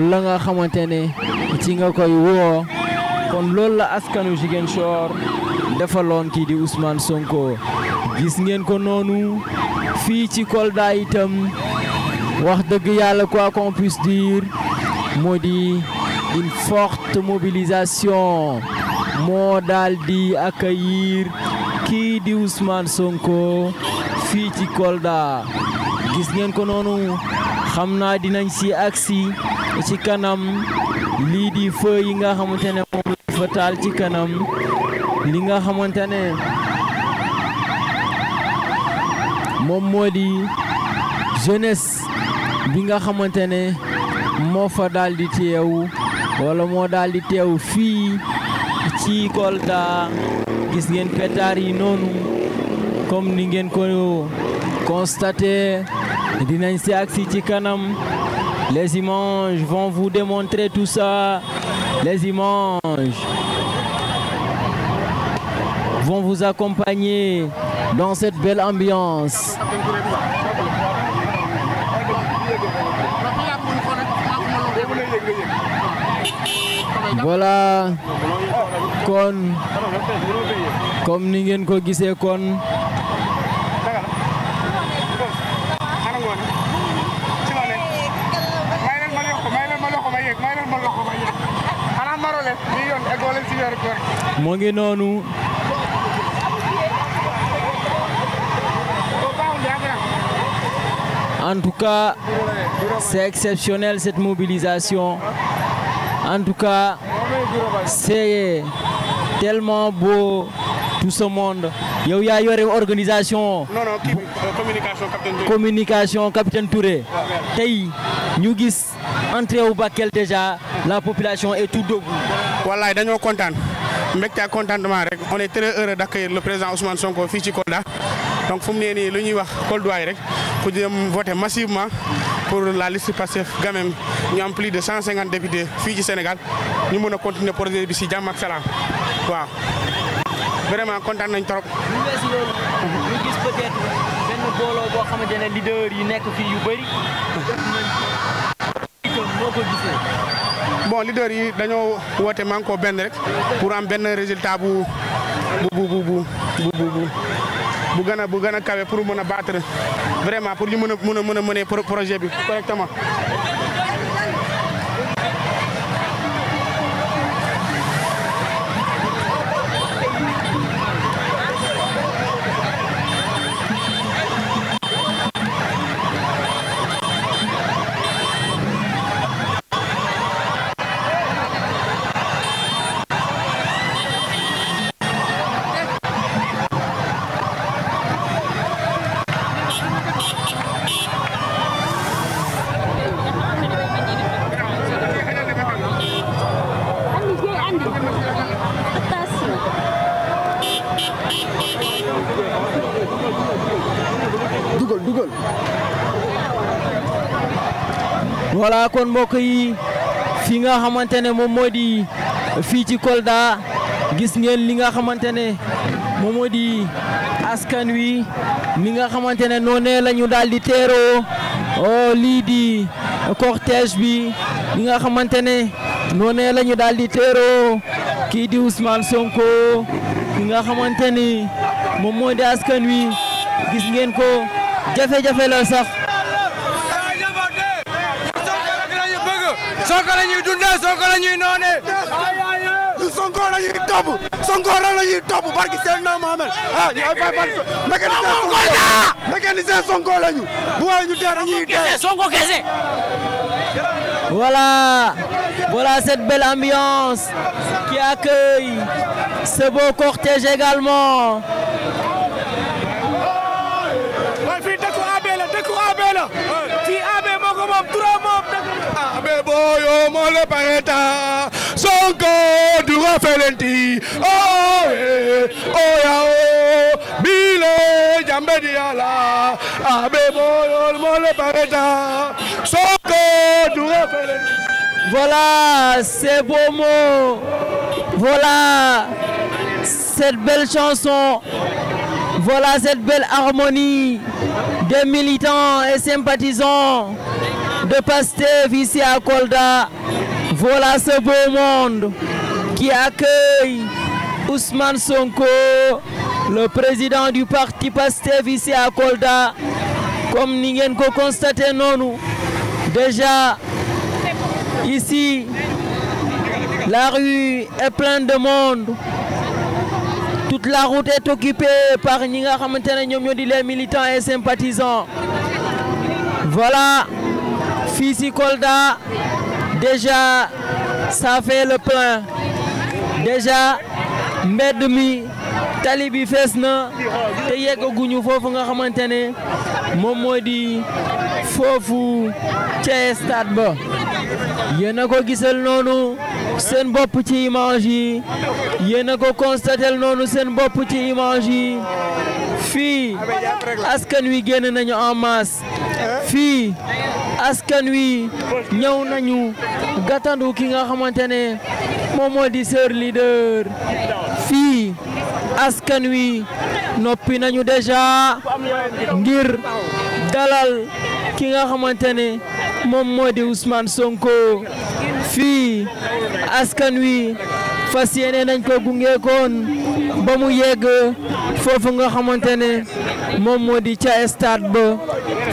la nga xamante ne ci nga koy woo kon loolu la askanu Ziguinchor defaloon kii di Ousmane Sonko gis ngeen ko noonu fii ci Kolda itam wax dëgg yàlla ko qu'on puisse dire moo di une forte mobilisation moo daal di accueillir kii di Ousmane Sonko fii ci Kolda gis ngeen ko noonu xam naa dinañ si agsi ci kanam lii di feu yi nga xamante ne moom ci kanam li nga xamante ne moom moo di jeunesse bi nga xamante ne moo fa daldi di teew wala moo daldi teew fii ci Kolda gis ngeen pétard yi noonu comme ni ngeen ko constaté dinañ si agsi ci kanam Les images vont vous démontrer tout ça. Les images vont vous accompagner dans cette belle ambiance. Voilà kon comme ni ngeen ko gisee kon mu ngi noonu en tout ca c'est exceptionnel cette mobilisation en tout cas c'est tellement beau tout ce monde yow yaa yore organisation non non euh, communication capitaine Touré tey ñu gis entrée wu Bakel déjà la population est tout debout wallaay dañoo kontaan mbégte ak contentement rek on est très heureux d'accueillir le président Ousmane Sonko fii ci Kolda donc fu mu nee nii lu ñuy wax Koldois rek ku dem voter massivement pour la liste Pastef Gamem ñu am plus de 150 fii ci Sénégal ñu mën a continuer projet bi si jàmm ak salaam waaw vraiment kontaan nañ trop. ñu gis peut-être yi nekk fii yu bëri. bon leader yi dañoo woote man ko benn rek pour am benn résultat bu bu bu bu bu bu gën a bu gën a kawe pour mën a battre vraiment pour ñu mën a mën a mën a mener projet bi correctement. voilà kon mbokk yi fi nga xamante ne moom moo di fii ci Kolda gis ngeen li nga xamante ne moom di askan wi mi nga xamante ne noonee la ñu daal di teeroo oh, lii di cortège bi li nga xamante ne noonee lañu ñu daal di teeroo kii di Ousmane Sonko mi nga xamante moom moo di askan wi gis ngeen ko jafe-jafe la sax. Sonko la ñuy dundee Sonko la ñuy noonee. ñu Sonko la ñuy topp Sonko la ñuy topp barki seen na Mohamed ah ñu ay bay ban mécanicien Sonko la ñu bu waay ñu dee dañuy dee Sonko kese Voilà, voilà cette belle ambiance qui accueille ce beau cortège également. boyo oh, mole oh, eh, oh, ah, voilà cette belle chanson voilà cette belle harmonie des militants et sympathisants de Pastef ici à Kolda. Voilà ce beau monde qui accueille Ousmane Sonko, le président du parti Pastef ici à Kolda. Comme ni ngeen ko constaté noonu, déjà ici la rue est pleine de monde. Toute la route est occupée par ñi nga xamante ne ñoom ñoo di les militants et sympathisants. fii si Kolda déjà ça fait le plein déjà mbedd mi tali bi fees na te yeggaguñu foofu nga xamante ne moom moo di foofu ca stade ba yéen a ko gisal noonu. seen bopp ci image yi yéen a ko constatel noonu seen bopp ci image yi fii askan wi génn nañu en masse fii askan wi ñëw nañu gàttandu ki nga xamante ne moom moo di seur leader fii askan wi noppi nañu déjà ngir dalal ki nga xamante ne moom moo di Ousmane Sonko fii askan wi fa yéene nañ ko gunge ba mu yegg foofu nga xamante ne moom moo di ca stade ba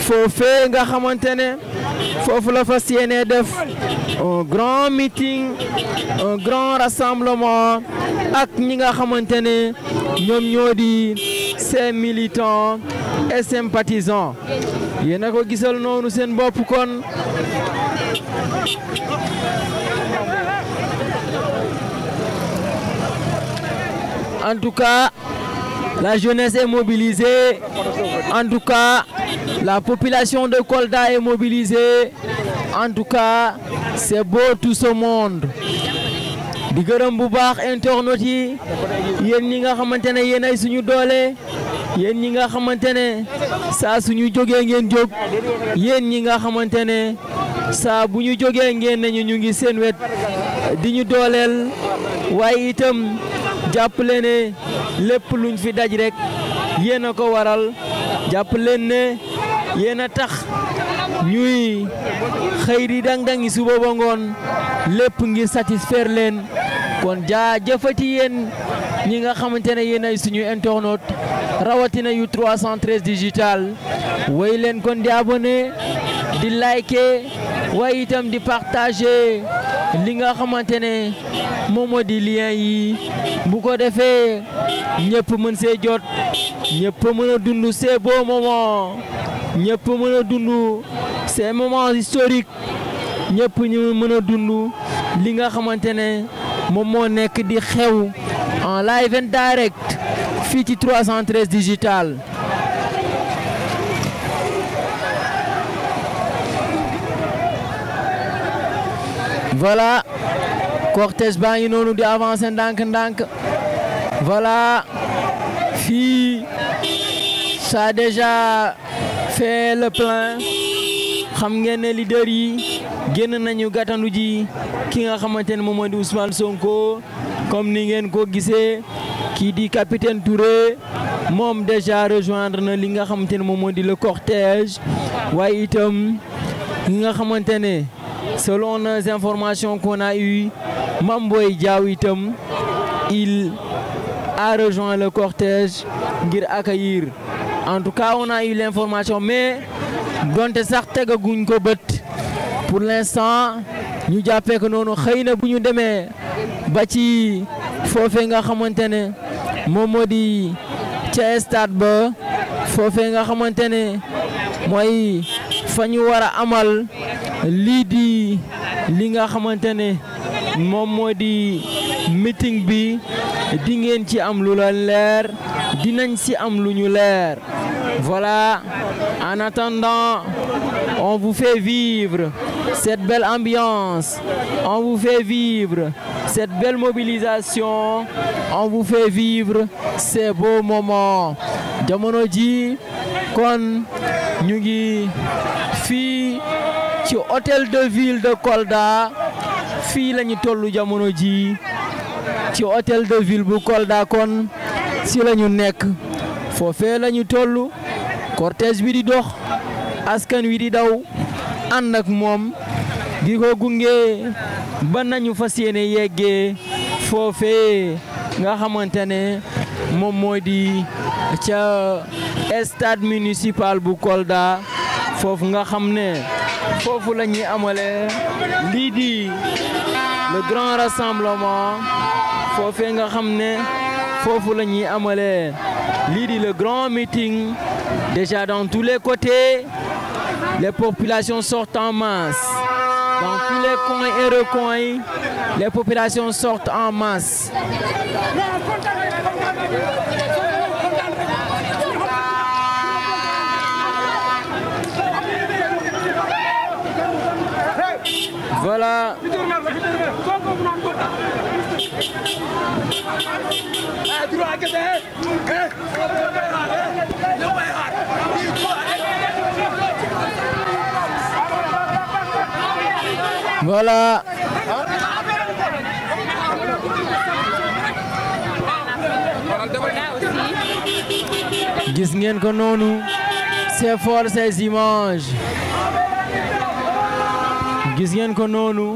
foofee nga xamante ne foofu la fa yéene def un grand meeting un grand rassemblement ak ñi nga xamante ne ñoom ñoo di ses militants et sympathisants yéen a ko gisal noonu seen bopp kon. En tout cas, la jeunesse est mobilisée. En tout cas, la population de Kolda est mobilisée. En tout cas, c'est beau tout ce monde. di gërëm bu baax internautes yi ñi nga xamante ne yéen ay suñu doole yéen ñi nga xamante ne su suñu jógee ngeen jóg yéen ñi nga xamante ne saa bu ñu jógee ngeen nañu ñu ñu ngi seen wet di ñu dooleel waaye jàpp leen ne lépp luñ fi daj rek yéen a ko waral jàpp leen ne yéen a tax ñuy xëy di dang-dangi suba ba ngoon lépp ngir satisfaire leen kon jaa jaajëfati yéen ñi nga xamante ne yéen ay suñu internaute rawatina yu 313 digital way leen kon di abonné di liker waaye itam di partager li nga xamante ne moo di lien yi bu ko defee ñëpp mën see jot ñëpp mën a dund ces beaux moments ñëpp mën a dund ces moments historiques ñëpp mën a dund li nga xamante ne moom moo nekk di xew en live and direct fii ci 313 digital. voilà cortège baa ngi noonu di avancer ndànk-ndànk voilà fii ça a déjà fait le plein xam ngeen ne leader yi génn nañu gàttandu ji ki nga xamante ne moom mooy di Ousmane Sonko comme ni ngeen ko gisee kii di capitaine Touré moom déjà rejoindre na li nga xamante ne moom mooy di le cortège waaye itam li nga xamante ne. Selon les informations qu'on a eues, Mamboy Diawitam, il a rejoint le cortège pour accueillir. En tout cas, on a eu ko mais pour l'instant, ñu jàppee noonu xëy na bu ñu demee ba ci foofee nga xamante ne moom moo di ca stade ba foofee nga xamante mooy fa ñu war amal lii di li nga xamante ne moom moo di meeting bi dingeen ci am lu la leer dinañ ci am lu ñu leer voilà en attendant on vous fait vivre cette belle ambiance on vous fait vivre cette belle mobilisation on vous fait vivre ces beaux moments ji kon ñu ngi fii ci hôtel de ville de Kolda fii lañu tollu jamono ji ci hôtel de ville bu Kolda kon si lañu nekk foofee la ñu toll cortège bi di dox askan wi di daw ànd ak moom di ko gunge ba nañu fa yéene yeggee foofee nga xamante ne moom mooy di ca stade municipal bu Kolda foofu nga xam ne foofu la ñuy amale lii di le grand rassemblement nga xam ne foofu la ñuy amale lii di le grand meeting déjà dans tous les côtés les populations sortent en masse dans tous les coins et les populations sortent en masse voilà. voilà. gis ngeen ko noonu c'est fort ces images. gis ngeen ko noonu